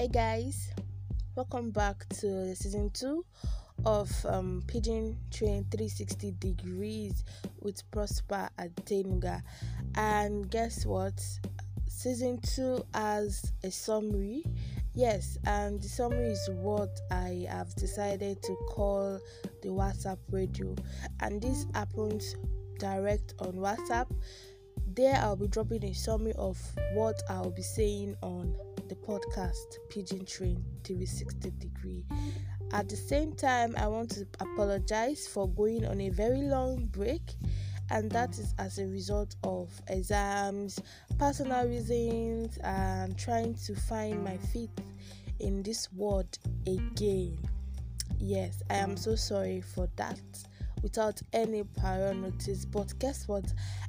Hey guys, welcome back to season 2 of um, Pigeon Train 360 Degrees with Prosper Adenuga. And guess what? Season 2 has a summary. Yes, and the summary is what I have decided to call the WhatsApp radio. And this happens direct on WhatsApp. There, I'll be dropping a summary of what I'll be saying on the podcast Pigeon Train 360 Degree. At the same time, I want to apologize for going on a very long break, and that is as a result of exams, personal reasons, and trying to find my feet in this world again. Yes, I am so sorry for that without any prior notice, but guess what?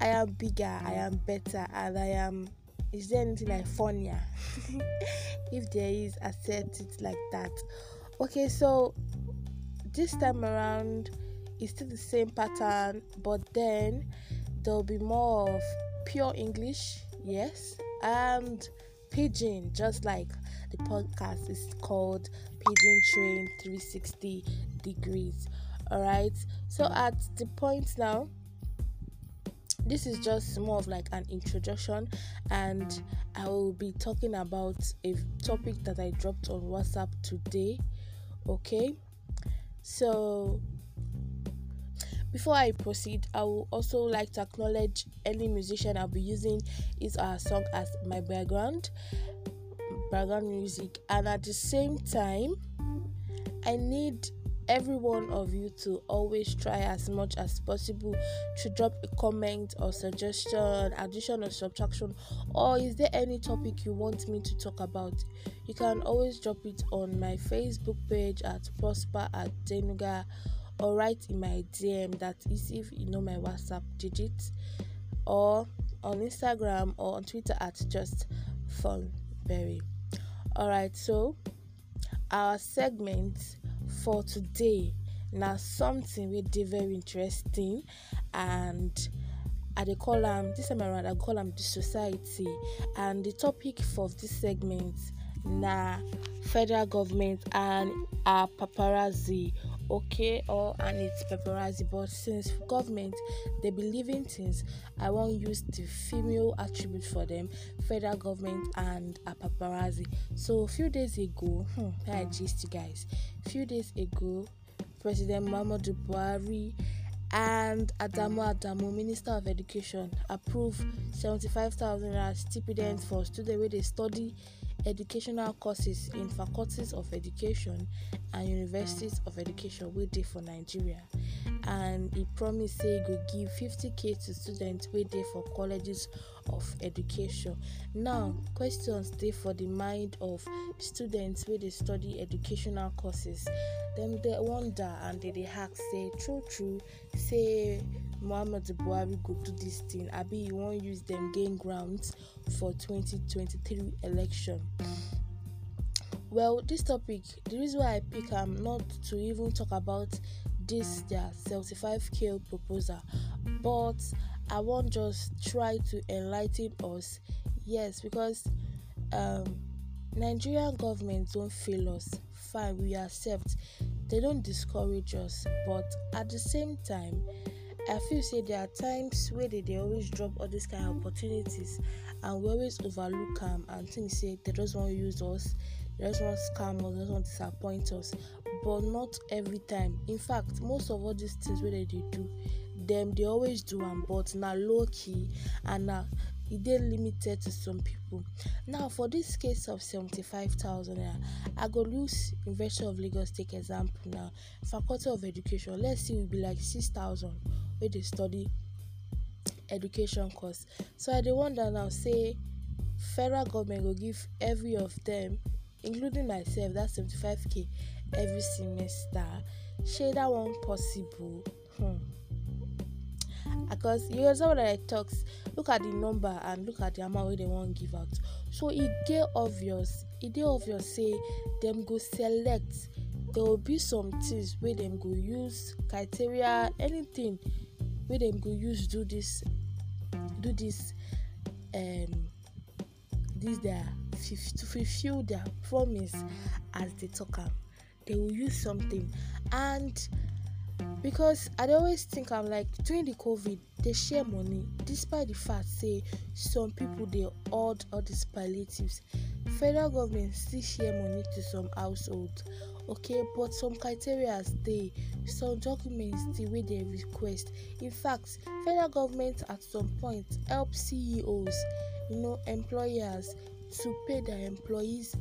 I am bigger, I am better, and I am is there anything like funnier? if there is, accept it like that. Okay, so this time around, it's still the same pattern, but then there'll be more of pure English, yes, and pigeon, just like the podcast is called Pigeon Train 360 Degrees. All right, so at the point now, this is just more of like an introduction and i will be talking about a topic that i dropped on whatsapp today okay so before i proceed i will also like to acknowledge any musician i'll be using is our song as my background background music and at the same time i need every one of you to always try as much as possible to drop a comment or suggestion, addition or subtraction, or is there any topic you want me to talk about? You can always drop it on my Facebook page at Prosper at Denuga or write in my DM that is if you know my WhatsApp digit or on Instagram or on Twitter at just Berry. Alright, so our segment for today na something wey dey very interesting and I dey call am this time around I call am the society and the topic for this segment na federal government and our paparazzi okay all and it's paparazzi but since government they believe in things i won't use the female attribute for them federal government and a paparazzi so a few days ago hmm, i gist you guys a few days ago president muhammadu buhari and Adamo Adamo, Minister of Education, approved 75,000 as stipends for students where they study educational courses in faculties of education and universities of education wey dey for nigeria and e promise say e go give 50k to students wey dey for colleges of education now questions dey for the mind of students wey dey study educational courses dem dey wonder and dem dey ask say true true say Muhammad Buhari go do this thing. Abi you won't use them gain grounds for 2023 election. Well, this topic, the reason why I pick am not to even talk about this their 75k proposal, but I won't just try to enlighten us. Yes, because um, Nigerian government don't fail us. Fine, we accept. They don't discourage us, but at the same time, i feel say there are times wey they dey always drop all these kind of opportunities and we always overlook am and think say they just wan use us they just wan scam us they just wan disappoint us but not every time in fact most of all these things wey they dey do dem dey always do am but na low key and na e dey limited to some people. now for this case of seventy 75000 naira i go use university of lagos take example now faculty of education let's say we be like six thousand wey dey study education course so i dey wonder now say federal government go give every of them, including myself that seventy-five k every semester shey that one possible hmm because you understand what i talks look at the number and look at the amount wey dem wan give out so e dey obvious e dey obvious say dem go select there will be some things wey dem go use criteria anything wey dem go use do this do this um, this their to fulfill their promise as they talk am they will use something and because i dey always think am like during the covid dey share money despite the fact say some people dey hoard all these palliatives federal government still share money to some households, okay but some criteria dey some documents dey wey dem request in fact federal government at some point help ceos you know employers to pay their employees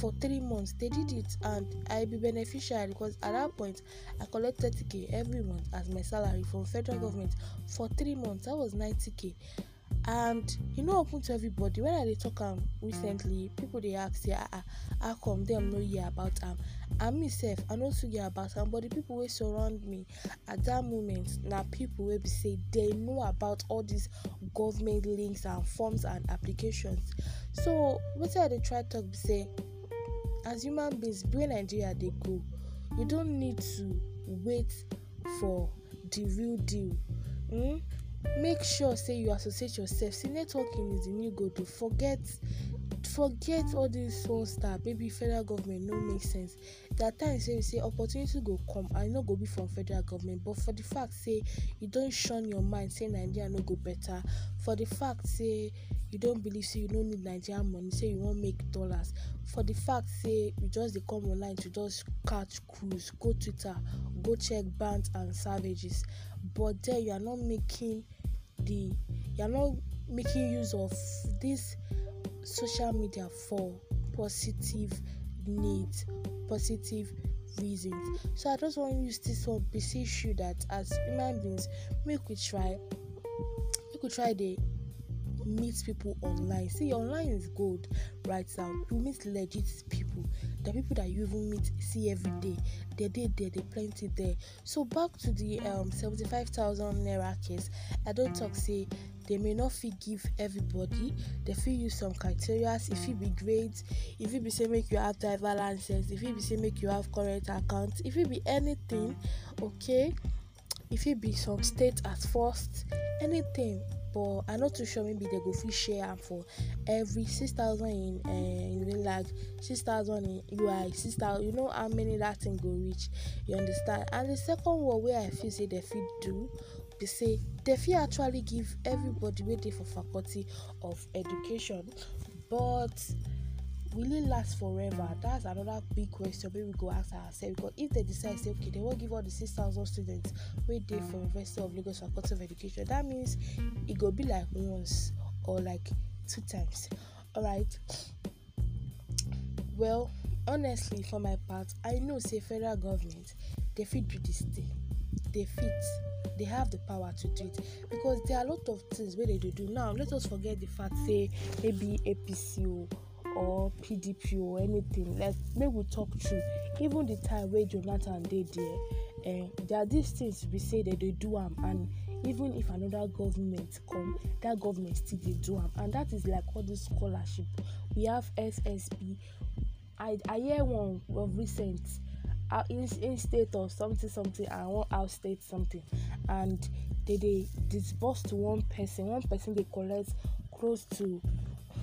for three months they did it and i be beneficial because at that point i collect 30k every month as my salary from federal government for three months that was 90k and e no open to everybody when i dey talk am recently people dey ask say ah ah how come dem no hear about am and me sef i no too hear about am but the people wey surround me at that moment na people wey be say dey know about all these government links and forms and applications so wetin i dey try talk be say as human beings wey nigeria dey go you don't need to wait for the real deal um make sure say you associate yourself Say networking is the new go to forget forget all these one star Maybe federal government no make sense That time say wey say opportunity go come and no go be from federal government but for the fact say you don shun your mind say nigeria no go better for the fact say you don believe say you no need nigerian money say you wan make dollars for the fact say you just dey come online to just catch cruise go twitter go check bands and savages but then you are not making the you are not making use of this social media for positive needs positive reasons so i just wan use this one to beseech you that as human beings make we try make we try dey meet people online. See, online is good right So You meet legit people, the people that you even meet see every day. did, they, they planted there, plenty there. So back to the um 75,000 naira case. I don't talk say they may not fit give everybody. They fit use some criteria. If it be grades, if it be say make you have driver license, if it be say make you have current account, if it be anything, okay. If it be some state at first, anything but i no too sure maybe they go fit share am for every six thousand in uh, in UNILAG six thousand in UI six thousand you know how many that thing go reach you understand and the second one wey i feel say they fit do be say they fit actually give everybody wey dey for faculty of education but will it last forever that's another big question wey we go ask ourselves because if they decide say okay they wan give all the six thousand students wey dey for university of lagos faculty of education that means e go be like once or like two times alright well honestly for my part i know say federal government dey fit do this thing dey fit they have the power to do it because there are a lot of things wey they dey do now let us forget the fact say maybe apc o or pdp or anything like make we talk true even the time wey jonathan dey there eh there are these things we say dem dey do am and even if another government come that government still dey do am and that is like all this scholarship we have ssb i i hear one of recent uh, in, in state or something something I one out state something and they dey disburse to one person one person dey collect close to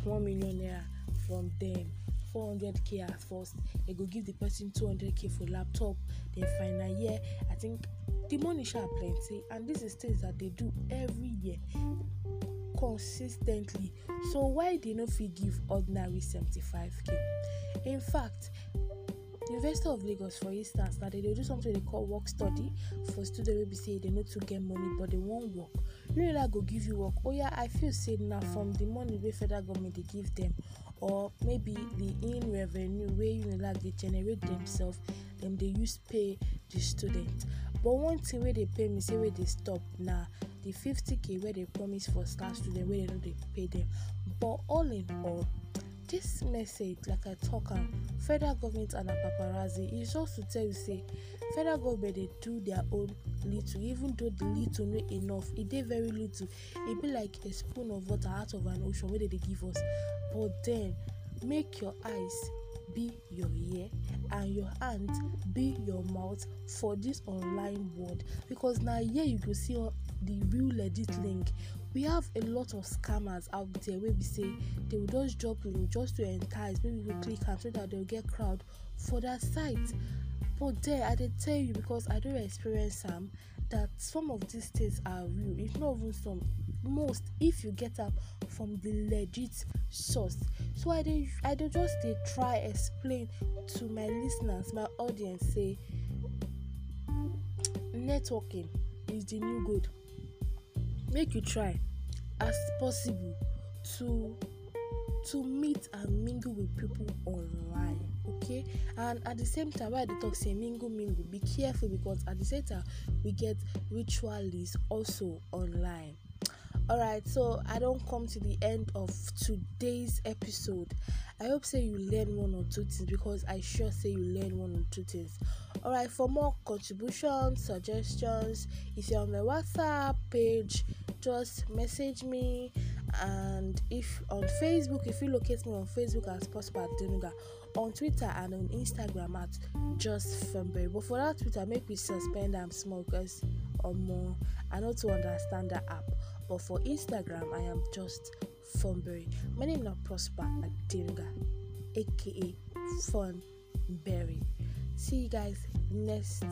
one million naira from them, 400k at first They go give the person 200k for laptop then final year i think the money shall plenty and this is things that they do every year consistently. so why they not give ordinary 75k in fact university of lagos for instance na they do something they call work study for students wey be say they no too get money but they wan work Nigeria go give you work Oh yeah, i feel say na from the money wey federal government dey give them, or maybe the in revenue wey unilag dey generate themselves, dem dey use pay the student but one thing wey dey pain me say wey dey stop na The 50k wey dem promise for star student wey dem no dey pay them. but all in all This message, like I talk am, federal government and paparazzi is e just to tell you say federal government dey do their own little even though the little no enough e dey very little e be like a spoon of water out of an ocean wey dem dey give us but then make your eyes be your ear and your hand be your mouth for this online world because na here you go see the real legit link we have a lot of scammers out there wey be say they will just drop link just to entice maybe you click am so that they will get crowd for their site but there i dey tell you because i don experience am that some of these things are real if not even some most if you get am from the legit source so i dey i dey just dey try explain to my lis ten ers my audience say networking is the new good. make you try as possible to to meet and mingle with people online okay and at the same time why i dey talk say mingle mingle be careful because at the same time we get ritualists also online All right. so i don come to the end of today's episode I hope say you learn one or two things because I sure say you learn one or two things. Alright, for more contributions, suggestions, if you're on my WhatsApp page, just message me. And if on Facebook, if you locate me on Facebook as possible at Denuga, on Twitter and on Instagram at just Femberry. But for that Twitter, make we suspend am small because or more, I know to understand the app. But for Instagram, I am just Funberry, My name is Prosper Adinga, aka Funberry. See you guys next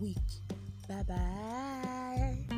week. Bye bye.